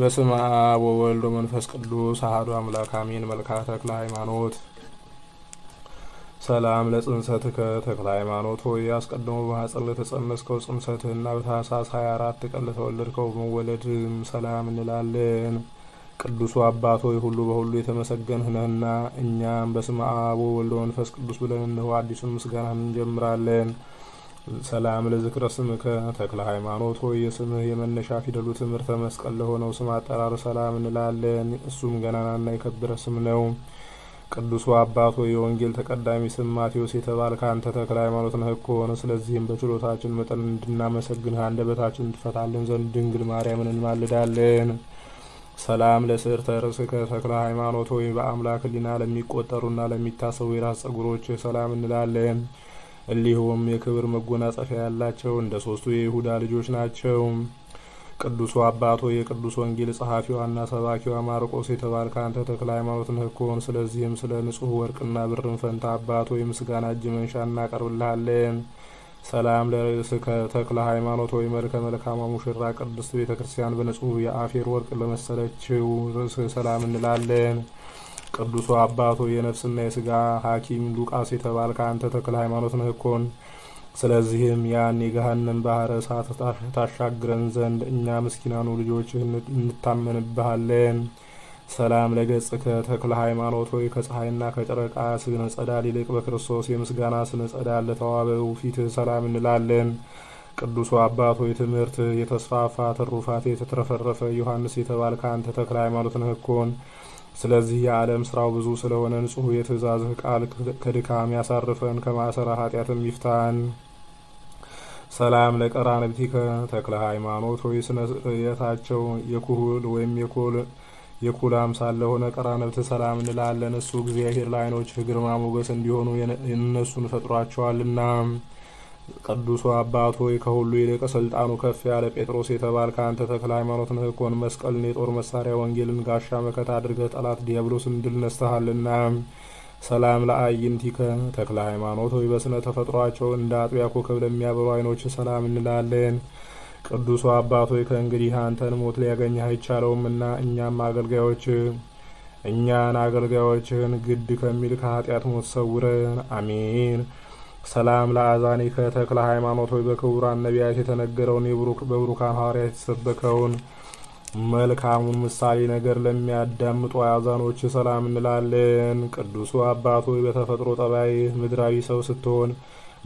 በስመ አብ ወወልድ ወመንፈስ ቅዱስ አሐዱ አምላክ አሜን። መልክዐ ተክለ ሃይማኖት ሰላም ለጽንሰትከ ተክለ ሃይማኖት ሆይ አስቀድሞ በማኅፀን ለተጸነስከው ጽንሰትህና በታኅሳስ 24 ቀን ለተወለድከው መወለድህም ሰላም እንላለን። ቅዱሱ አባት ሆይ ሁሉ በሁሉ የተመሰገንህ ነህና እኛም በስመ አብ ወወልድ ወመንፈስ ቅዱስ ብለን እነሆ አዲሱን ምስጋናን እንጀምራለን። ሰላም ለዝክረ ስምከ ተክለ ሃይማኖት ሆይ የስምህ የመነሻ ፊደሉ ትምህርተ መስቀል ለሆነው ስም አጠራር ሰላም እንላለን። እሱም ገናናና የከበረ ስም ነው። ቅዱሱ አባቶ ሆይ የወንጌል ተቀዳሚ ስም ማቴዎስ የተባልከ አንተ ተክለ ሃይማኖት ነህ ከሆነ ስለዚህም በችሎታችን መጠን እንድናመሰግንህ አንደበታችን እንድፈታለን ዘንድ ድንግል ማርያምን እንማልዳለን። ሰላም ለስዕርተ ርእስከ ተክለ ሃይማኖት ሆይ በአምላክ ሕሊና ለሚቆጠሩና ለሚታሰቡ የራስ ጸጉሮች ሰላም እንላለን። እሊሁም የክብር መጎናጸፊያ ያላቸው እንደ ሶስቱ የይሁዳ ልጆች ናቸው። ቅዱሱ አባቶ የቅዱስ ወንጌል ጸሐፊዋና ሰባኪዋ ማርቆስ የተባልከ አንተ ተክለ ሃይማኖት ነህ ስለዚህም ስለ ንጹህ ወርቅና ብርን ፈንታ አባቶ የምስጋና እጅ መንሻ እናቀርብልሃለን። ሰላም ለርእስከ ከተክለ ሃይማኖት ወይ መልከ መልካማ ሙሽራ ቅድስት ቤተ ክርስቲያን በንጹሕ የአፌር ወርቅ ለመሰለችው ርእስ ሰላም እንላለን። ቅዱሱ አባቶ የነፍስና የስጋ ሐኪም ሉቃስ የተባል ከአንተ ተክለ ሃይማኖት ነህ እኮን። ስለዚህም ያን የገሃነም ባህረ እሳት ታሻግረን ዘንድ እኛ ምስኪናኑ ልጆች እንታመንብሃለን። ሰላም ለገጽ ከተክለ ሃይማኖት ሆይ ከፀሐይና ከጨረቃ ስነ ጸዳል ይልቅ በክርስቶስ የምስጋና ስነ ጸዳል ለተዋበው ፊትህ ሰላም እንላለን። ቅዱሱ አባቶ የትምህርት የተስፋፋ ትሩፋት የተትረፈረፈ ዮሐንስ የተባልከ አንተ ተክለ ሃይማኖት ነህ እኮን። ስለዚህ የዓለም ስራው ብዙ ስለሆነ ንጹሕ የትእዛዝህ ቃል ከድካም ያሳርፈን፣ ከማሰራ ኃጢአትም ይፍታን። ሰላም ለቀራንብቲከ ተክለ ሃይማኖት ሆይ ስነ ስርየታቸው የኩህል ወይም የኩላም ሳለ ሆነ ቀራንብት ሰላም እንላለን። እሱ እግዚአብሔር ለዓይኖችህ ግርማ ሞገስ እንዲሆኑ እነሱን ፈጥሯቸዋልና። ቅዱሱ አባት ሆይ ከሁሉ ይልቅ ስልጣኑ ከፍ ያለ ጴጥሮስ የተባል ከአንተ ተክለ ሃይማኖት ንህኮን መስቀልን የጦር መሳሪያ ወንጌልን ጋሻ መከታ አድርገ ጠላት ዲያብሎስን ድል ነስተሃልና ሰላም ለአዕይንቲከ ተክለ ሃይማኖት ሆይ በስነ ተፈጥሯቸው እንደ አጥቢያ ኮከብ ለሚያበሩ አይኖች ሰላም እንላለን። ቅዱሱ አባት ሆይ ከእንግዲህ አንተን ሞት ሊያገኝህ አይቻለውምና እኛም አገልጋዮች እኛን አገልጋዮችህን ግድ ከሚል ከኃጢአት ሞት ሰውረን አሜን። ሰላም ለአዛኒከ ተክለ ሃይማኖት ሆይ በክቡራን ነቢያት የተነገረውን በብሩካን ሐዋርያት የተሰበከውን መልካሙን ምሳሌ ነገር ለሚያዳምጡ አዛኖች ሰላም እንላለን። ቅዱሱ አባቶ በተፈጥሮ ጠባይ ምድራዊ ሰው ስትሆን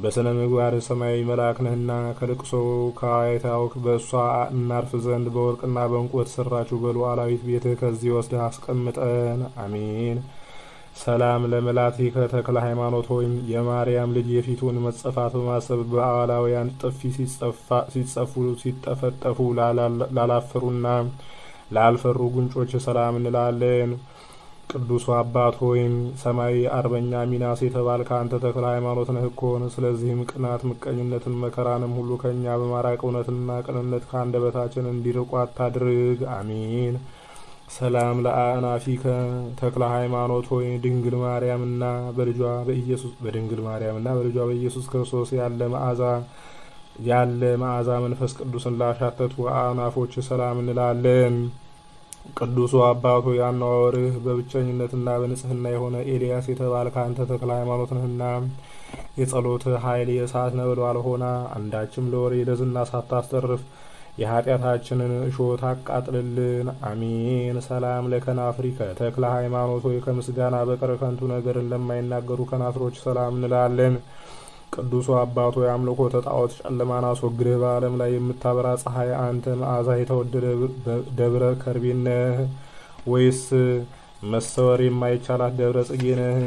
በስነ ምግባር ሰማያዊ መልአክ ነህና ከልቅሶ ከዋይታው በእሷ እናርፍ ዘንድ በወርቅና በእንቁ የተሰራችው በሉዓላዊት ቤትህ ከዚህ ወስደህ አስቀምጠን፣ አሜን። ሰላም ለመላቲከ ተክለ ሃይማኖት ወይም የማርያም ልጅ የፊቱን መጸፋት በማሰብ በአላውያን ጥፊ ሲጸፉ ሲጠፈጠፉ ላላፈሩና ላልፈሩ ጉንጮች ሰላም እንላለን። ቅዱሱ አባት ወይም ሰማያዊ አርበኛ ሚናስ የተባልከ አንተ ተክለ ሃይማኖት ነህ እኮን። ስለዚህም ቅናት፣ ምቀኝነትን፣ መከራንም ሁሉ ከእኛ በማራቅ እውነትና ቅንነት ከአንደበታችን እንዲርቁ አታድርግ። አሚን ሰላም ለአእናፊከ ተክለ ሃይማኖት ሆይ ድንግል ማርያምና በልጇ በኢየሱስ በድንግል ማርያምና በልጇ በኢየሱስ ክርስቶስ ያለ መዓዛ ያለ መዓዛ መንፈስ ቅዱስን ላሻተቱ አእናፎች ሰላም እንላለን። ቅዱሱ አባቶ ያነዋወርህ በብቸኝነትና በንጽህና የሆነ ኤልያስ የተባልከ አንተ ተክለ ሃይማኖት ነህና የጸሎት ኃይል የእሳት ነበልባል ሆና አንዳችም ለወሬ ለዝና ሳታስጠርፍ የኃጢአታችንን እሾት አቃጥልልን። አሜን። ሰላም ለከናፍሪከ ተክለ ሃይማኖት ሆይ ከምስጋና በቀር ከንቱ ነገርን ለማይናገሩ ከናፍሮች ሰላም እንላለን። ቅዱሱ አባቶ የአምልኮ ተጣዖት ጨለማን አስወግደህ በዓለም ላይ የምታበራ ፀሐይ አንተ መዓዛ የተወደደ ደብረ ከርቤ ነህ ወይስ መሰወር የማይቻላት ደብረ ጽጌነህ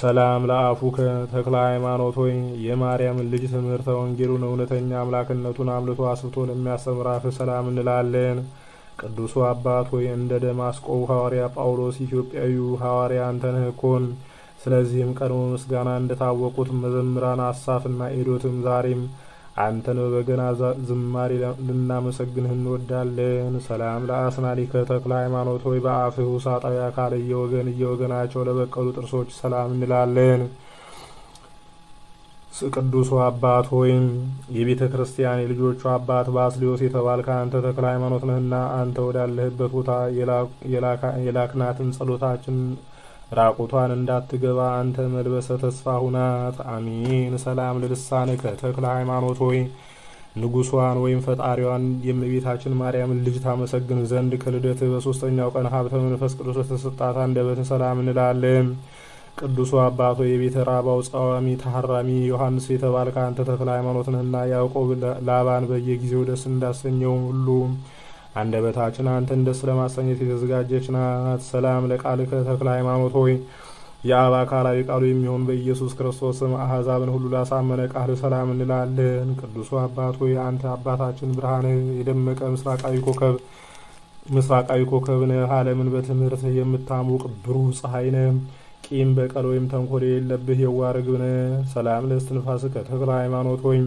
ሰላም ለአፉከ ተክለ ሃይማኖት ሆይ የማርያም ልጅ ትምህርተ ወንጌሉን እውነተኛ አምላክነቱን አምልቶ አስብቶ ለሚያስተምር ሰላም እንላለን። ቅዱሱ አባት ሆይ እንደ ደማስቆ ሐዋርያ ጳውሎስ ኢትዮጵያዊ ሐዋርያ አንተ እኮን። ስለዚህም ቀድሞ ምስጋና እንደታወቁት መዘምራን አሳፍና ኤዶትም ዛሬም አንተን በበገና ዝማሬ ልናመሰግንህ እንወዳለን። ሰላም ለአስናሊከ ተክለ ሃይማኖት ሆይ በአፍህ ውሳጣዊ አካል እየወገን እየወገናቸው ለበቀሉ ጥርሶች ሰላም እንላለን። ቅዱሱ አባት ሆይም የቤተ ክርስቲያን የልጆቹ አባት ባስሊዮስ የተባልከ አንተ ተክለ ሃይማኖት ነህና አንተ ወዳለህበት ቦታ የላክናትን ጸሎታችን ራቁቷን እንዳትገባ አንተ መልበሰ ተስፋ ሁናት። አሚን። ሰላም ለልሳንከ ተክለ ሃይማኖት ሆይ ንጉሷን ወይም ፈጣሪዋን የእመቤታችን ማርያምን ልጅ ታመሰግን ዘንድ ከልደት በሶስተኛው ቀን ሀብተ መንፈስ ቅዱስ በተሰጣት አንደበተ ሰላም እንላለን። ቅዱሱ አባቶ የቤተ ራባው ጸዋሚ ተሐራሚ ዮሐንስ የተባልከ አንተ ተክለ ሃይማኖት ነህና ያዕቆብ ላባን በየጊዜው ደስ እንዳሰኘው ሁሉ አንደበታችን አንተን ደስ ለማሰኘት የተዘጋጀች ናት። ሰላም ለቃልከ ተክለ ሃይማኖት ሆይ የአብ አካላዊ ቃሉ የሚሆን በኢየሱስ ክርስቶስም አሕዛብን ሁሉ ላሳመነ ቃል ሰላም እንላለን። ቅዱሱ አባት ሆይ አንተ አባታችን ብርሃን የደመቀ ምስራቃዊ ኮከብ ምስራቃዊ ኮከብ ነህ። ዓለምን በትምህርት የምታሞቅ ብሩህ ፀሐይ ነህ። ቂም በቀል ወይም ተንኮል የሌለብህ የዋህ ርግብ ነህ። ሰላም ለእስትንፋስከ ተክለ ሃይማኖት ሆይ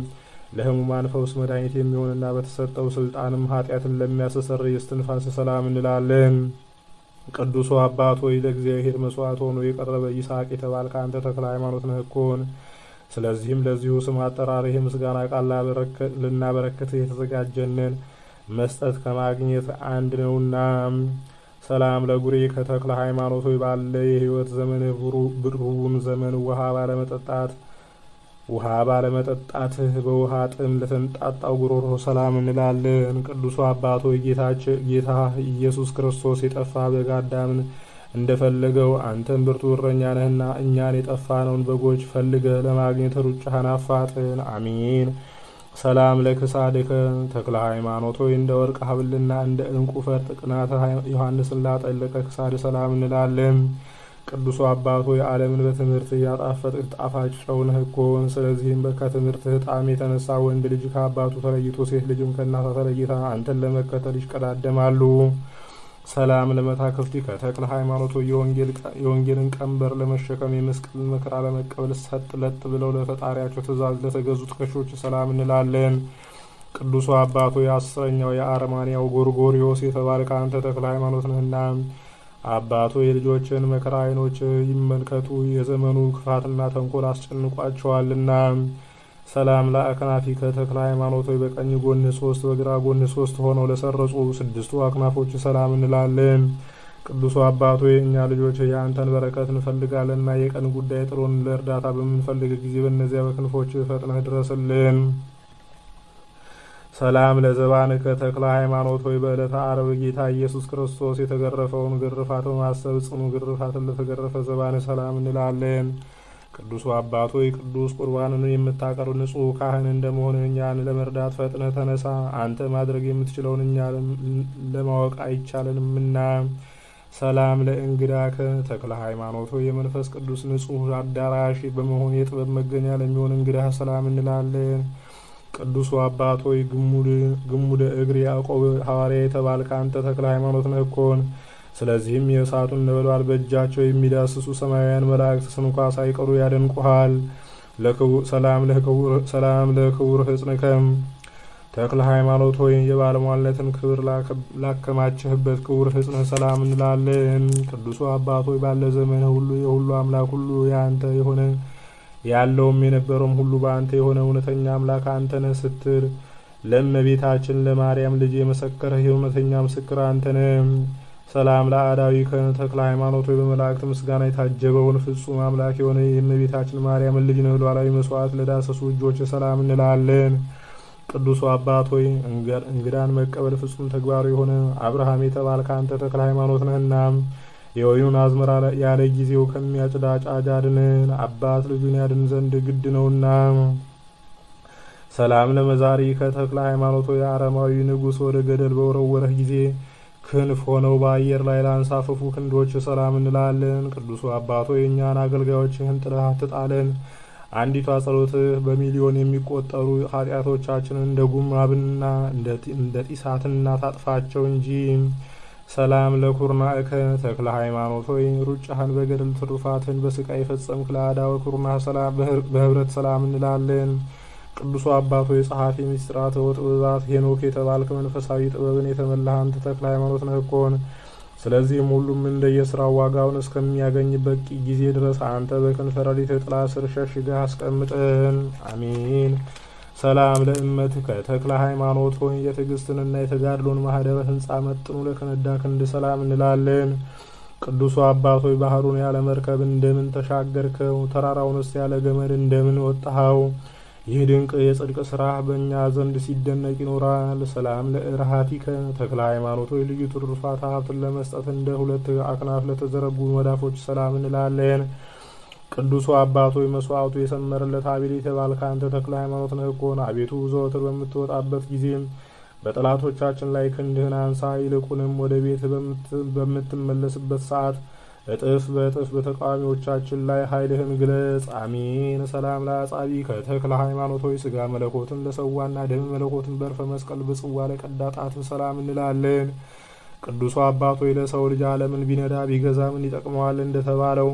ለህሙማን ፈውስ መድኃኒት የሚሆንና በተሰጠው ስልጣንም ኃጢአትን ለሚያስተሰርይ እስትንፋስ ሰላም እንላለን። ቅዱሱ አባት ሆይ ለእግዚአብሔር መስዋዕት ሆኖ የቀረበ ይስሐቅ የተባል ከአንተ ተክለ ሃይማኖት ነህኮን። ስለዚህም ለዚሁ ስም አጠራር ይህ ምስጋና ቃል ልናበረክትህ የተዘጋጀንን መስጠት ከማግኘት አንድ ነውና፣ ሰላም ለጉሬ ከተክለ ሃይማኖት ሆይ ባለ የህይወት ዘመን ብሩውን ዘመን ውሃ ባለመጠጣት ውሃ ባለመጠጣትህ በውሃ ጥም ለተንጣጣው ጉሮሮ ሰላም እንላለን። ቅዱሱ አባቶ ጌታ ኢየሱስ ክርስቶስ የጠፋ በግ አዳምን እንደፈለገው አንተን ብርቱ እረኛ ነህና እኛን የጠፋነውን በጎች ፈልገህ ለማግኘት ሩጫህን አፋጥን። አሚን። ሰላም ለክሳድከ ተክለ ሃይማኖት ሆይ እንደ ወርቅ ሀብልና እንደ እንቁ ፈርጥ ቅናተ ዮሐንስን ላጠለቀ ክሳድ ሰላም እንላለን። ቅዱሱ አባት ሆይ ዓለምን በትምህርት እያጣፈጥህ ጣፋጭ ጨው ነህ እኮን። ስለዚህም ከትምህርትህ ጣዕም የተነሳ ወንድ ልጅ ከአባቱ ተለይቶ፣ ሴት ልጅም ከእናቷ ተለይታ አንተን ለመከተል ይሽቀዳደማሉ። ሰላም ለመታክልቲ ከተክለ ሃይማኖቶ የወንጌልን ቀንበር ለመሸከም የመስቀልን መከራ ለመቀበል ሰጥ ለጥ ብለው ለፈጣሪያቸው ትእዛዝ ለተገዙ ጥቀሾች ሰላም እንላለን። ቅዱሱ አባቶ የአስረኛው የአርማንያው ጎርጎሪዎስ የተባልከ አንተ ተክለ ሃይማኖት ነህና አባቶ የልጆችን መከራ ዓይኖች ይመልከቱ። የዘመኑ ክፋትና ተንኮል አስጨንቋቸዋልና። ሰላም ለአክናፊከ ተክለ ሃይማኖቶች በቀኝ ጎን ሶስት በግራ ጎን ሶስት ሆነው ለሰረጹ ስድስቱ አክናፎች ሰላም እንላለን። ቅዱሱ አባቶ የእኛ ልጆች የአንተን በረከት እንፈልጋለንና የቀን ጉዳይ ጥሎን ለእርዳታ በምንፈልግ ጊዜ በእነዚያ በክንፎች ፈጥነህ ድረስልን። ሰላም ለዘባንከ ተክለ ሃይማኖት ሆይ በዕለተ ዓርብ ጌታ ኢየሱስ ክርስቶስ የተገረፈውን ግርፋት በማሰብ ጽኑ ግርፋትን ለተገረፈ ዘባን ሰላም እንላለን። ቅዱሱ አባት ሆይ ቅዱስ ቁርባንን የምታቀርብ ንጹሕ ካህን እንደመሆን እኛን ለመርዳት ፈጥነ ተነሳ። አንተ ማድረግ የምትችለውን እኛ ለማወቅ አይቻለንምና። ሰላም ለእንግዳከ ተክለ ሃይማኖት ሆይ የመንፈስ ቅዱስ ንጹሕ አዳራሽ በመሆን የጥበብ መገኛ ለሚሆን እንግዳ ሰላም እንላለን። ቅዱሱ አባት ሆይ ግሙደ እግር ያዕቆብ ሐዋርያ የተባልከ አንተ ተክለ ሃይማኖት ነህ እኮን። ስለዚህም የእሳቱን ነበልባል በእጃቸው የሚዳስሱ ሰማያውያን መላእክት ስንኳ ሳይቀሩ ያደንቁሃል። ሰላም ለክቡር ህጽንከም ተክለ ሃይማኖት ሆይ የባለሟልነትን ክብር ላከማችህበት ክቡር ህጽን ሰላም እንላለን። ቅዱሱ አባት ሆይ ባለ ዘመን ሁሉ የሁሉ አምላክ ሁሉ የአንተ የሆነ ያለውም የነበረውም ሁሉ በአንተ የሆነ እውነተኛ አምላክ አንተ ነህ ስትል ለእመቤታችን ለማርያም ልጅ የመሰከረ የእውነተኛ ምስክር አንተ ነህ። ሰላም ለአዳዊ ተክለ ሃይማኖት ወይ በመላእክት ምስጋና የታጀበውን ፍጹም አምላክ የሆነ የእመቤታችን ማርያም ልጅ ነ ሉዓላዊ መስዋዕት ለዳሰሱ እጆች ሰላም እንላለን። ቅዱሱ አባት ሆይ እንግዳን መቀበል ፍጹም ተግባሩ የሆነ አብርሃም የተባልከ አንተ ተክለ ሃይማኖት ነህና የወይኑን አዝመራ ያለ ጊዜው ከሚያጭዳ አጫጅ አድነን፣ አባት ልጁን ያድን ዘንድ ግድ ነውና። ሰላም ለመዛሪ ከተክለ ሃይማኖቶ የአረማዊ ንጉሥ ወደ ገደል በወረወረህ ጊዜ ክንፍ ሆነው በአየር ላይ ላንሳፈፉ ክንዶች ሰላም እንላለን። ቅዱሱ አባቶ የእኛን አገልጋዮችህን ጥለህ አትጣለን። አንዲቷ ጸሎትህ በሚሊዮን የሚቆጠሩ ኃጢአቶቻችንን እንደ ጉማብና እንደ ጢሳትና ታጥፋቸው እንጂ ሰላም ለኩርናእከ ተክለ ሃይማኖት ሆይ ሩጫህን በገድል ትሩፋትን በስቃይ የፈጸምክ ለአዳወ ኩርና በህብረት ሰላም እንላለን። ቅዱሱ አባቶ የጸሐፊ ምስጢራተ ወጥበባት ሄኖክ የተባልክ መንፈሳዊ ጥበብን የተመላህ አንተ ተክለ ሃይማኖት ነህኮን። ስለዚህም ሁሉም እንደየስራው ዋጋውን እስከሚያገኝበት ጊዜ ድረስ አንተ በክንፈ ሌሊት ጥላ ስር ሸሽገህ አስቀምጠን። አሚን። ሰላም ለእመትከ ተክለ ሃይማኖት ሆይ የትዕግስትንና የተጋድሎን ማህደረ ህንፃ መጥኑ ለከነዳ ክንድ ሰላም እንላለን። ቅዱሱ አባቶች ባህሩን ያለ መርከብ እንደምን ተሻገርከው? ተራራውንስ ያለ ገመድ እንደምን ወጣኸው? ይህ ድንቅ የጽድቅ ስራ በእኛ ዘንድ ሲደነቅ ይኖራል። ሰላም ለእርሃቲከ ተክለ ሃይማኖት ሆይ ልዩ ትሩፋት ሀብትን ለመስጠት እንደ ሁለት አክናፍ ለተዘረጉ መዳፎች ሰላም እንላለን። ቅዱሱ አባቶ መስዋዕቱ የሰመረለት አቤል የተባልከ አንተ ተክለ ሃይማኖት ነህኮን። አቤቱ ዘወትር በምትወጣበት ጊዜም በጠላቶቻችን ላይ ክንድህን አንሳ። ይልቁንም ወደ ቤት በምትመለስበት ሰዓት እጥፍ በእጥፍ በተቃዋሚዎቻችን ላይ ኃይልህን ግለጽ። አሜን። ሰላም ለአጻቢ ከተክለ ሃይማኖቶች ስጋ መለኮትን ለሰዋና ደም መለኮትን በርፈ መስቀል ብጽዋ ለቀዳ ጣት ሰላም እንላለን። ቅዱሱ አባቶ ለሰው ልጅ ዓለምን ቢነዳ ቢገዛ ምን ይጠቅመዋል እንደተባለው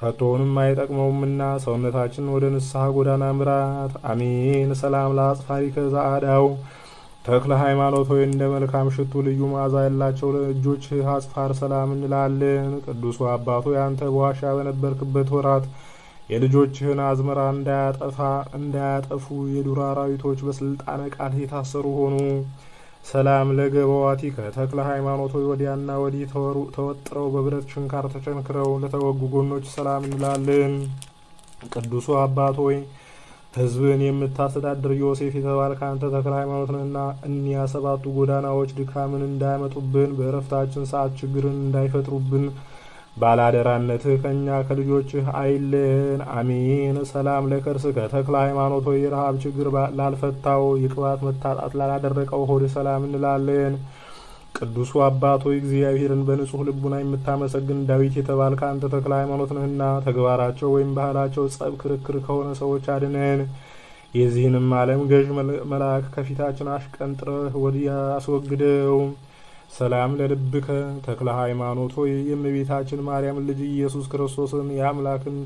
ከቶውንም አይጠቅመውምና ሰውነታችን ወደ ንስሐ ጎዳና ምራት። አሚን ሰላም ለአጽፋሪ ከዛአዳው ተክለ ሃይማኖት ሆይ እንደ መልካም ሽቱ ልዩ መዓዛ ያላቸው ለእጆች አጽፋር ሰላም እንላለን። ቅዱሱ አባቶ ያንተ በዋሻ በነበርክበት ወራት የልጆችህን አዝመራ እንዳያጠፉ የዱር አራዊቶች በስልጣነ ቃል የታሰሩ ሆኑ። ሰላም ለገበዋቲ ከተክለ ሃይማኖቶች ወዲያና ወዲህ ተወጥረው በብረት ችንካር ተቸንክረው ለተወጉ ጎኖች ሰላም እንላለን። ቅዱሱ አባት ሆይ ህዝብን የምታስተዳድር ዮሴፍ የተባልክ አንተ ተክለ ሃይማኖት ነህና እኒያ ሰባቱ ጎዳናዎች ድካምን እንዳያመጡብን በእረፍታችን ሰዓት ችግርን እንዳይፈጥሩብን ባላደራነትህ ከእኛ ከልጆችህ አይልን። አሚን። ሰላም ለከርስከ ተክለ ሃይማኖት ወይ የረሃብ ችግር ላልፈታው የቅባት መታጣት ላላደረቀው ሆድ ሰላም እንላለን። ቅዱሱ አባት ሆይ እግዚአብሔርን በንጹህ ልቡና የምታመሰግን ዳዊት የተባልከ አንተ ተክለ ሃይማኖት ነህና ተግባራቸው ወይም ባህላቸው ጸብ፣ ክርክር ከሆነ ሰዎች አድነን። የዚህንም ዓለም ገዥ መልአክ ከፊታችን አሽቀንጥረህ ወዲያ አስወግደው። ሰላም ለልብከ ተክለ ሃይማኖት ሆይ የእመቤታችን ማርያም ልጅ ኢየሱስ ክርስቶስን የአምላክን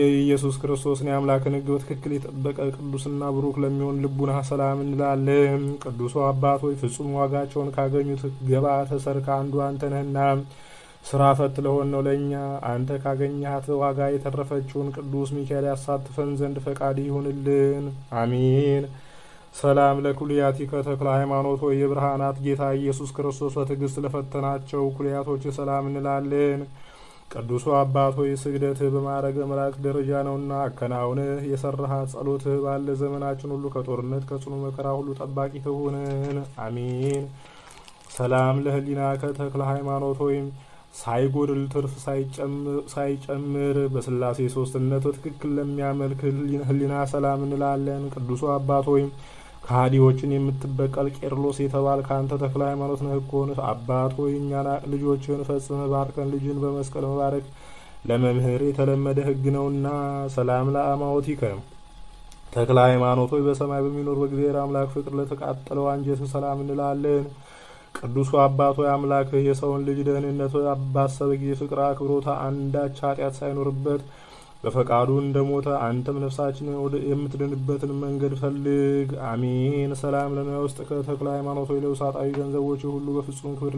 የኢየሱስ ክርስቶስን የአምላክን ሕግ በትክክል የጠበቀ ቅዱስና ብሩክ ለሚሆን ልቡና ሰላም እንላለን። ቅዱሱ አባት ሆይ ፍጹም ዋጋቸውን ካገኙት ገባ ተሰርከ አንዱ አንተ ነህና ስራ ፈት ለሆን ነው ለእኛ አንተ ካገኘሃት ዋጋ የተረፈችውን ቅዱስ ሚካኤል ያሳትፈን ዘንድ ፈቃድ ይሁንልን። አሚን። ሰላም ለኩልያቲ ከተክለ ሃይማኖት ወይ የብርሃናት ጌታ ኢየሱስ ክርስቶስ በትዕግስት ለፈተናቸው ኩልያቶች ሰላም እንላለን። ቅዱሱ አባት ሆይ ስግደትህ በማዕረገ መላእክት ደረጃ ነውና አከናውንህ የሰራሃ ጸሎትህ ባለ ዘመናችን ሁሉ ከጦርነት ከጽኑ መከራ ሁሉ ጠባቂ ትሁንን። አሚን። ሰላም ለህሊና ከተክለ ሃይማኖት ወይም ሳይጎድል ትርፍ ሳይጨምር በስላሴ ሶስትነት በትክክል ለሚያመልክ ህሊና ሰላም እንላለን። ቅዱሱ አባት ወይም ከሃዲዎችን የምትበቀል ቄርሎስ የተባል ከአንተ ተክለ ሃይማኖት ነህ እኮን። አባት ሆይ እኛን ልጆችን ፈጽመ ባርከን። ልጅን በመስቀል መባረክ ለመምህር የተለመደ ህግ ነውና። ሰላም ለአማዎቲከ ተክለ ሃይማኖት ሆይ በሰማይ በሚኖር በእግዚአብሔር አምላክ ፍቅር ለተቃጠለው አንጀት ሰላም እንላለን። ቅዱሱ አባቶ አምላክህ የሰውን ልጅ ደህንነት ባሰበ ጊዜ ፍቅር አክብሮታ አንዳች ኃጢአት ሳይኖርበት በፈቃዱ እንደሞተ አንተም ነፍሳችን የምትድንበትን መንገድ ፈልግ። አሜን። ሰላም ለነ ውስጥ ከተክለ ሃይማኖት ወይ ለውሳጣዊ ገንዘቦች ሁሉ በፍጹም ክብር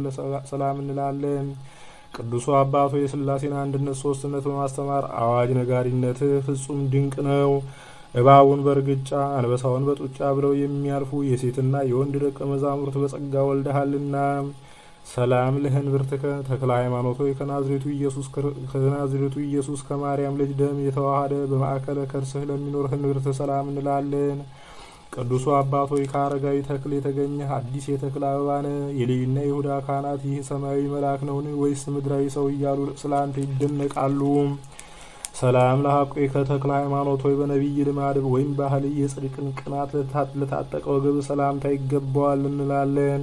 ሰላም እንላለን። ቅዱሱ አባቶ የስላሴን አንድነት ሶስትነት በማስተማር አዋጅ ነጋሪነት ፍጹም ድንቅ ነው። እባቡን በእርግጫ አንበሳውን በጡጫ ብለው የሚያልፉ የሴትና የወንድ ደቀ መዛሙርት በጸጋ ወልደሃልና ሰላም ለህንብርትከ ተክለ ሃይማኖቶ ከናዝሬቱ ኢየሱስ ከማርያም ልጅ ደም የተዋሃደ በማዕከለ ከርስህ ለሚኖር ህንብርት ሰላም እንላለን። ቅዱሱ አባት ሆይ ከአረጋዊ ተክል የተገኘ አዲስ የተክል ነ የሌዊና ይሁዳ ካህናት ይህ ሰማያዊ መልአክ ነውን ወይስ ምድራዊ ሰው እያሉ ስለ አንተ ይደነቃሉ። ሰላም ለሐቆ ከተክለ ሃይማኖት ሆይ በነቢይ ልማድ ወይም ባህል የጽድቅን ቅናት ለታጠቀ ወገብ ሰላምታ ይገባዋል እንላለን።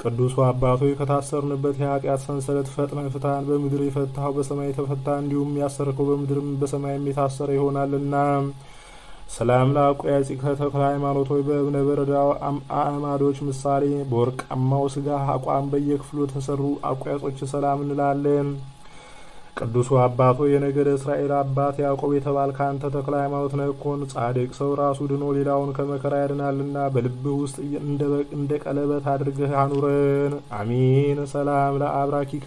ቅዱሱ አባቶ ከታሰርንበት የኃጢአት ሰንሰለት ፈጥነህ ፍታን። በምድር የፈታኸው በሰማይ የተፈታ እንዲሁም ያሰርከው በምድርም በሰማይም የታሰረ ይሆናልና። ሰላም ላቁ ያጺ ተክለ ሃይማኖት ሆይ በእብነ በረዳው አእማዶች ምሳሌ በወርቃማው ስጋ አቋም በየክፍሉ የተሰሩ አቋያጾች ሰላም እንላለን። ቅዱሱ አባቶ የነገደ እስራኤል አባት ያዕቆብ የተባል አንተ ተክለ ሃይማኖት ነኮን ጻድቅ ሰው ራሱ ድኖ ሌላውን ከመከራ ያድናልና በልብህ ውስጥ እንደ ቀለበት አድርገህ አኑረን። አሚን። ሰላም ለአብራኪከ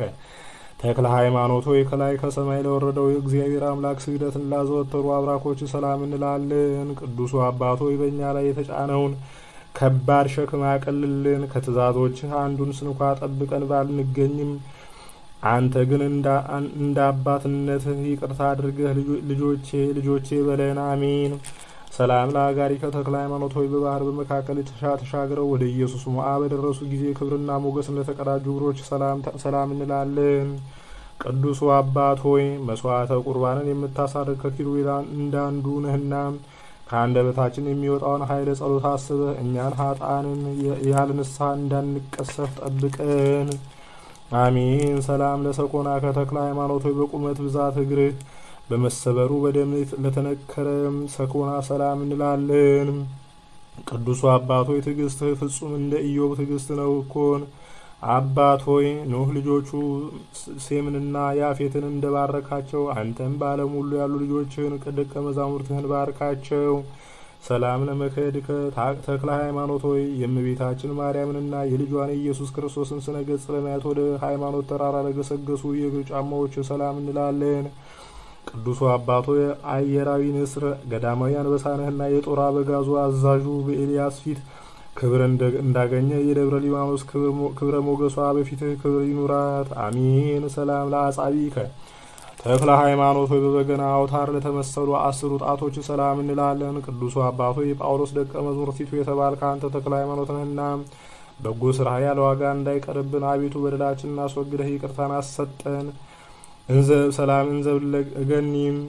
ተክለ ሃይማኖት ከላይ ከሰማይ ለወረደው የእግዚአብሔር አምላክ ስግደትን ላዘወተሩ አብራኮች ሰላም እንላለን። ቅዱሱ አባቶ በኛ በእኛ ላይ የተጫነውን ከባድ ሸክም አቅልልን። ከትእዛዞችህ አንዱን ስንኳ ጠብቀን ባልንገኝም አንተ ግን እንደ አባትነትህ ይቅርታ አድርገህ ልጆቼ ልጆቼ በለን። አሜን። ሰላም ለአጋሪ ተክለ ሃይማኖት ሆይ በባህር በመካከል ተሻግረው ወደ ኢየሱስ ሞዓ በደረሱ ጊዜ ክብርና ሞገስ ለተቀዳጁ እግሮች ሰላም እንላለን። ቅዱሱ አባት ሆይ መስዋዕተ ቁርባንን የምታሳርግ ከኪሩቤል እንዳንዱ ነህና ከአንደበታችን የሚወጣውን ኃይለ ጸሎት አስበህ እኛን ሀጣንን ያለ ንስሐ እንዳንቀሰፍ ጠብቀን። አሚን። ሰላም ለሰኮና ከተክለ ሃይማኖት ሆይ በቁመት ብዛት እግርህ በመሰበሩ በደም ለተነከረም ሰኮና ሰላም እንላለን። ቅዱሱ አባት ሆይ ትዕግስትህ ፍጹም እንደ ኢዮብ ትዕግስት ነው እኮን። አባት ሆይ ኖህ ልጆቹ ሴምንና ያፌትን እንደባረካቸው አንተም በዓለም ሁሉ ያሉ ልጆችህን ደቀ መዛሙርትህን ባርካቸው። ሰላም ለመከድከ ተክለ ሃይማኖት ሆይ የእመቤታችን ማርያምንና የልጇን ኢየሱስ ክርስቶስን ስነ ገጽ ለማየት ወደ ሃይማኖት ተራራ ለገሰገሱ የእግር ጫማዎች ሰላም እንላለን። ቅዱሱ አባቶ አየራዊ ንስር ገዳማዊ አንበሳነህና የጦር አበጋዙ አዛዡ በኤልያስ ፊት ክብር እንዳገኘ የደብረ ሊባኖስ ክብረ ሞገሷ በፊትህ ክብር ይኑራት። አሚን። ሰላም ለአጻቢ ከ ተክለ ሃይማኖት ወይ በበገና አውታር ለተመሰሉ አስሩ ጣቶች ሰላም እንላለን። ቅዱሱ አባቶ የጳውሎስ ደቀ መዝሙር ቲቱ የተባልከ አንተ ተክለ ሃይማኖት ነህና በጎ ስራ ያለ ዋጋ እንዳይቀርብን አቤቱ በደላችን እናስወግደህ ይቅርታን አሰጠን። እንዘብ ሰላም እንዘብ ለገኒም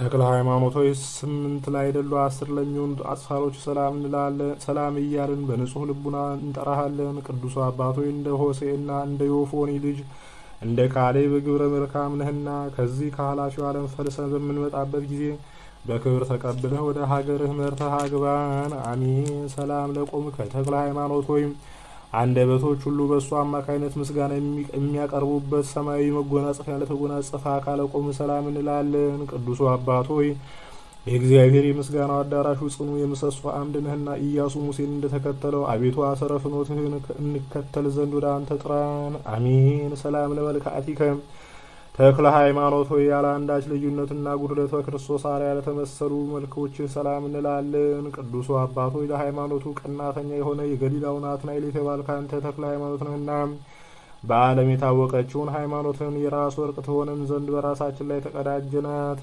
ተክለ ሃይማኖት ሆይ ስምንት ላይ አይደሉ አስር ለሚሆኑ አጽፋሮች ሰላም እንላለን። ሰላም እያልን በንጹህ ልቡና እንጠራሃለን። ቅዱሱ አባቶ እንደ ሆሴ እና እንደ ዮፎኒ ልጅ እንደ ካሌ በግብረ መልካም ነህና ከዚህ ከኃላፊው ዓለም ፈልሰን በምንመጣበት ጊዜ በክብር ተቀብለህ ወደ ሀገርህ መርተህ አግባን። አሚን። ሰላም ለቆም ከተክለ ሃይማኖት ወይም አንደበቶች ሁሉ በእሱ አማካይነት ምስጋና የሚያቀርቡበት ሰማያዊ መጎናጸፊያ ለተጎናጸፈ አካለ ቆም ሰላም እንላለን። ቅዱሱ አባት ሆይ የእግዚአብሔር የምስጋናው አዳራሹ ጽኑ የምሰሶ አምድ ነህና ኢያሱ ሙሴን እንደተከተለው አቤቱ አሰረ ፍኖትህን እንከተል ዘንድ ወደ አንተ ጥራን። አሚን። ሰላም ለመልክዓቲከም ተክለ ሃይማኖት ሆይ ያለ አንዳች ልዩነትና ጉድለት በክርስቶስ አርአያ ለተመሰሉ መልኮችህ ሰላም እንላለን። ቅዱሱ አባት ሆይ ለሃይማኖቱ ቅናተኛ የሆነ የገሊላው ናትናኤል የተባልክ አንተ ተክለ ሃይማኖት ነህና በዓለም የታወቀችውን ሃይማኖትን የራስ ወርቅ ትሆነን ዘንድ በራሳችን ላይ ተቀዳጀናት።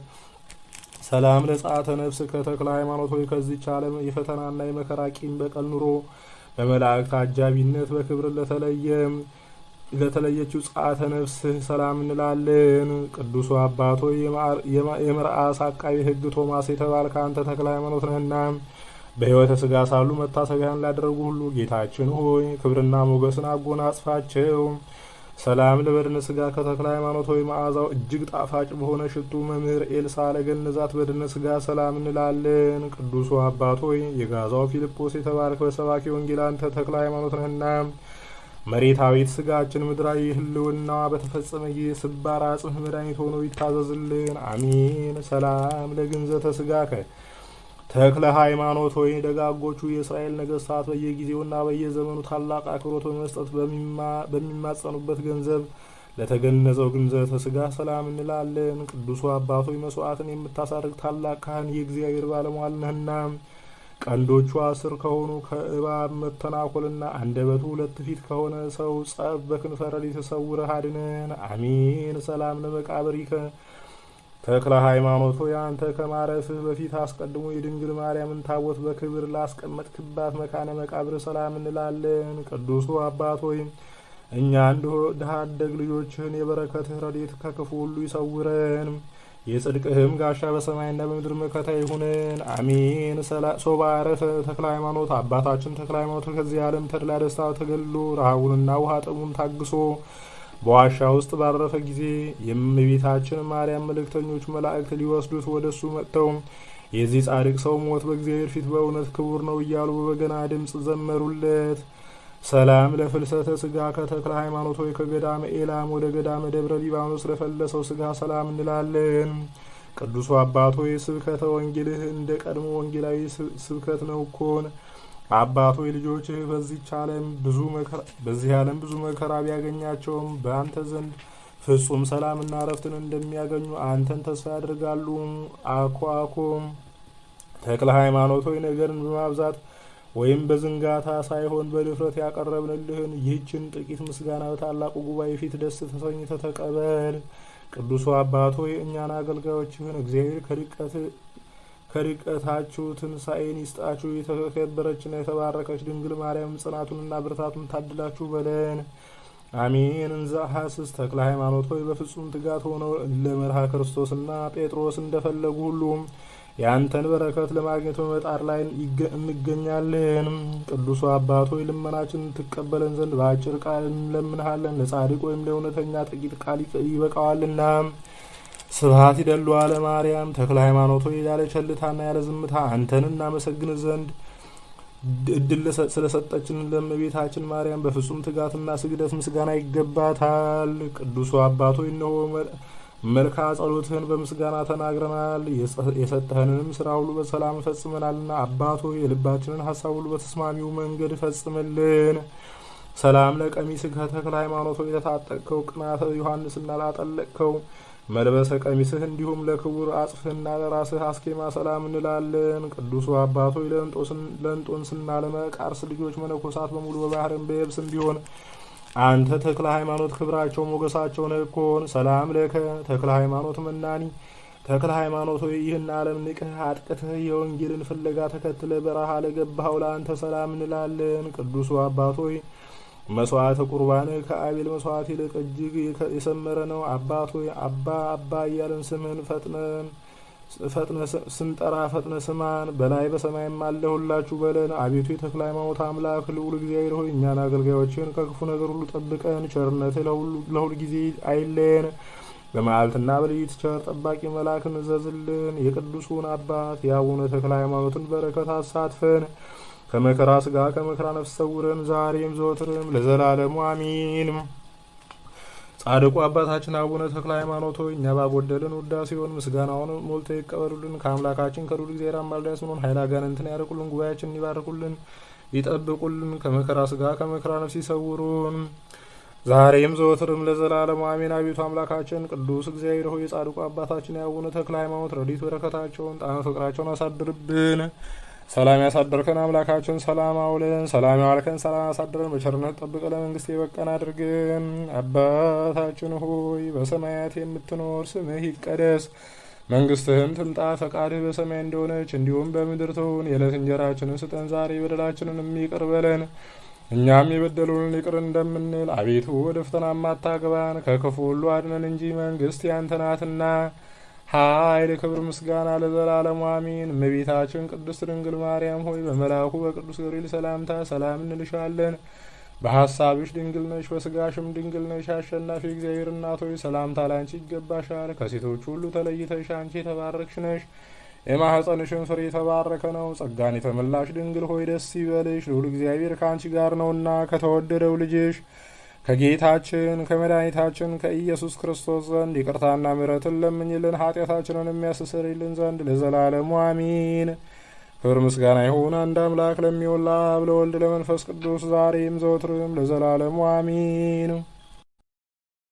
ሰላም ለጻአተ ነፍስ ከተክለ ሃይማኖት ሆይ ከዚች ዓለም የፈተናና የመከራ ቂም በቀል ኑሮ በመላእክት አጃቢነት በክብር ለተለየ ለተለየችው ጻአተ ነፍስ ሰላም እንላለን። ቅዱሱ አባቶ የመርአስ አቃቢ ህግ ቶማስ የተባልከ አንተ ተክለ ሃይማኖት ነህና በሕይወተ ሥጋ ሳሉ መታሰቢያን ላደረጉ ሁሉ ጌታችን ሆይ ክብርና ሞገስን አጎናጽፋቸው። ሰላም ለበድነ ስጋ ከተክለ ሃይማኖታዊ መዓዛው እጅግ ጣፋጭ በሆነ ሽቱ መምህር ኤልሳ ለገንዛት በድነ ስጋ ሰላም እንላለን። ቅዱሱ አባት ሆይ የጋዛው ፊልጶስ የተባረከ በሰባኪ ወንጌል አንተ ተክለ ሃይማኖት ነህና መሬታዊት ስጋችን ምድራዊ ህልውና በተፈጸመ ጊዜ ስባር አጽምህ መድኃኒት ሆኖ ይታዘዝልን። አሚን። ሰላም ለግንዘተ ስጋከ ተክለ ሃይማኖት ሆይ ደጋጎቹ የእስራኤል ነገስታት በየጊዜውና በየዘመኑ ታላቅ አክብሮት በመስጠት በሚማጸኑበት ገንዘብ ለተገነዘው ግንዘተ ስጋ ሰላም እንላለን። ቅዱሱ አባቶ መስዋዕትን የምታሳርግ ታላቅ ካህን የእግዚአብሔር ባለሟል ነህና ቀንዶቹ አስር ከሆኑ ከእባብ መተናኮልና አንደበቱ ሁለት ፊት ከሆነ ሰው ጸብ በክንፈረል የተሰውረህ አድነን። አሜን። ሰላም ለመቃብሪከ ተክለ ሃይማኖት ያንተ ከማረፍህ በፊት አስቀድሞ የድንግል ማርያምን ታቦት በክብር ላስቀመጥክባት መካነ መቃብር ሰላም እንላለን። ቅዱሱ አባት ሆይ እኛ እንደ ድሃ አደግ ልጆችህን የበረከትህ ረዴት ከክፉ ሁሉ ይሰውረን። የጽድቅህም ጋሻ በሰማይና በምድር መከታ ይሁንን፣ አሚን። ሶባ አረፈ ተክለ ሃይማኖት። አባታችን ተክለ ሃይማኖት ከዚህ ዓለም ተድላ ደስታ ተገሎ ረሃቡንና ውሃ ጥሙን ታግሶ በዋሻ ውስጥ ባረፈ ጊዜ የእመቤታችን ማርያም መልእክተኞች መላእክት ሊወስዱት ወደ እሱ መጥተው የዚህ ጻድቅ ሰው ሞት በእግዚአብሔር ፊት በእውነት ክቡር ነው እያሉ በበገና ድምፅ ዘመሩለት። ሰላም ለፍልሰተ ስጋ ከተክለ ሃይማኖት ወይ ከገዳመ ኤላም ወደ ገዳመ ደብረ ሊባኖስ ለፈለሰው ስጋ ሰላም እንላለን። ቅዱሱ አባት ሆይ ስብከተ ወንጌልህ እንደ ቀድሞ ወንጌላዊ ስብከት ነው እኮን አባቶ ልጆችህ ዓለም ብዙ መከራ በዚህ ዓለም ብዙ መከራ ቢያገኛቸውም በአንተ ዘንድ ፍጹም ሰላምና እረፍትን እንደሚያገኙ አንተን ተስፋ ያደርጋሉ። አኳኮም ተክለ ሃይማኖት ሆይ ነገርን በማብዛት ወይም በዝንጋታ ሳይሆን በድፍረት ያቀረብንልህን ይህችን ጥቂት ምስጋና በታላቁ ጉባኤ ፊት ደስ ተሰኝተ ተቀበል። ቅዱሱ አባቶ ሆይ እኛን አገልጋዮችህን እግዚአብሔር ከድቀት ከድቀታችሁ ትንሣኤን ይስጣችሁ። የተከበረችና የተባረከች ድንግል ማርያም ጽናቱንና ብርታቱን ታድላችሁ በለን። አሚን። እንዘ ተክለ ሃይማኖት ሆይ በፍጹም ትጋት ሆነው ለመርሃ ክርስቶስና ጴጥሮስ እንደፈለጉ ሁሉም የአንተን በረከት ለማግኘት በመጣር ላይ እንገኛለን። ቅዱሱ አባት ሆይ ልመናችን ትቀበለን ዘንድ በአጭር ቃል እንለምንሃለን። ለጻድቅ ወይም ለእውነተኛ ጥቂት ቃል ይበቃዋልና ስብሐት ይደሉ አለ ማርያም ተክለ ሃይማኖቶ ያለ ቸልታና ያለ ዝምታ አንተን እናመሰግን ዘንድ እድል ስለሰጠችን ለእመቤታችን ማርያም በፍጹም ትጋትና ስግደት ምስጋና ይገባታል። ቅዱሱ አባቶ እነሆ መልካ ጸሎትህን በምስጋና ተናግረናል፣ የሰጠህንንም ስራ ሁሉ በሰላም ፈጽመናልና አባቶ የልባችንን ሀሳብ ሁሉ በተስማሚው መንገድ ፈጽምልን። ሰላም ለቀሚስ ከተክለ ሃይማኖቶ የተታጠቅከው ቅናተ ዮሐንስና ላጠለቅከው መልበሰ ቀሚስህ እንዲሁም ለክቡር አጽፍህና ለራስህ አስኬማ ሰላም እንላለን። ቅዱሱ አባቶች ለእንጦንስና ለመቃርስ ልጆች መነኮሳት በሙሉ በባህርን በየብስ ቢሆን አንተ ተክለ ሃይማኖት ክብራቸው ሞገሳቸው ነኮን። ሰላም ለከ ተክለ ሃይማኖት መናኒ ተክለ ሃይማኖት ሆይ ይህን ዓለም ንቅህ አጥቅትህ የወንጌልን ፍለጋ ተከትለ በረሃ ለገባኸው ለአንተ ሰላም እንላለን። ቅዱሱ አባቶይ መስዋዕተ ቁርባን ከአቤል መስዋዕት ይልቅ እጅግ የሰመረ ነው። አባት አባ አባ እያለን ስምህን ፈጥነን ፈጥነ ስንጠራ ፈጥነ ስማን። በላይ በሰማይም አለሁላችሁ በለን። አቤቱ የተክለ ሃይማኖት አምላክ ልዑል እግዚአብሔር ሆይ እኛን አገልጋዮችን ከክፉ ነገር ሁሉ ጠብቀን። ቸርነት ለሁል ጊዜ አይለየን። በመዓልትና በሌሊት ቸር ጠባቂ መልአክን እዘዝልን። የቅዱሱን አባት የአቡነ ተክለ ሃይማኖትን በረከት አሳትፈን ከመከራ ስጋ ከመከራ ነፍስ ሰውረን ዛሬም ዘወትርም ለዘላለሙ አሚን። ጻድቁ አባታችን አቡነ ተክለ ሃይማኖት ሆይ እኛ ባጎደልን ውዳሴውን ምስጋናውን ሞልተ ይቀበሉልን። ከአምላካችን ከልዑል እግዚአብሔር አማልዳስ ምንሆን ኃይል አጋንንትን ያርቁልን፣ ጉባኤያችንን ይባርኩልን፣ ይጠብቁልን። ከመከራ ስጋ ከመከራ ነፍስ ይሰውሩን። ዛሬም ዘወትርም ለዘላለሙ አሜን። አቤቱ አምላካችን ቅዱስ እግዚአብሔር ሆይ የጻድቁ አባታችን የአቡነ ተክለ ሃይማኖት ረዲት በረከታቸውን ጣና ፍቅራቸውን አሳድርብን ሰላም ያሳደርከን አምላካችን ሰላም አውለን፣ ሰላም ያዋልከን ሰላም ያሳደረን፣ በቸርነት ጠብቀ ለመንግስት የበቀን አድርግን። አባታችን ሆይ በሰማያት የምትኖር ስምህ ይቀደስ፣ መንግስትህም ትምጣ፣ ፈቃድህ በሰማይ እንደሆነች እንዲሁም በምድር ትሁን። የዕለት እንጀራችንን ስጠን ዛሬ፣ በደላችንን የሚቅር በለን እኛም የበደሉን ይቅር እንደምንል፣ አቤቱ ወደ ፈተና አታግባን፣ ከክፉ ሁሉ አድነን እንጂ መንግስት ያንተ ናትና ኃይል ክብር፣ ምስጋና ለዘላለሙ አሚን። እመቤታችን ቅድስት ድንግል ማርያም ሆይ በመልአኩ በቅዱስ ገብርኤል ሰላምታ ሰላም እንልሻለን። በሀሳብሽ ድንግል ነሽ፣ በስጋሽም ድንግል ነሽ። አሸናፊ እግዚአብሔር እናት ሆይ ሰላምታ ላንቺ ይገባሻል። ከሴቶች ሁሉ ተለይተሽ አንቺ የተባረክሽ ነሽ፣ የማህፀንሽን ፍሬ የተባረከ ነው። ጸጋን የተመላሽ ድንግል ሆይ ደስ ይበልሽ፣ ልዑል እግዚአብሔር ከአንቺ ጋር ነውና ከተወደደው ልጅሽ ከጌታችን ከመድኃኒታችን ከኢየሱስ ክርስቶስ ዘንድ ይቅርታና ምሕረትን ለምኝልን ኃጢአታችንን የሚያስስርልን ዘንድ ለዘላለሙ አሚን። ክብር ምስጋና ይሁን አንድ አምላክ ለሚወላ ለወልድ ለመንፈስ ቅዱስ ዛሬም ዘወትርም ለዘላለሙ አሚን።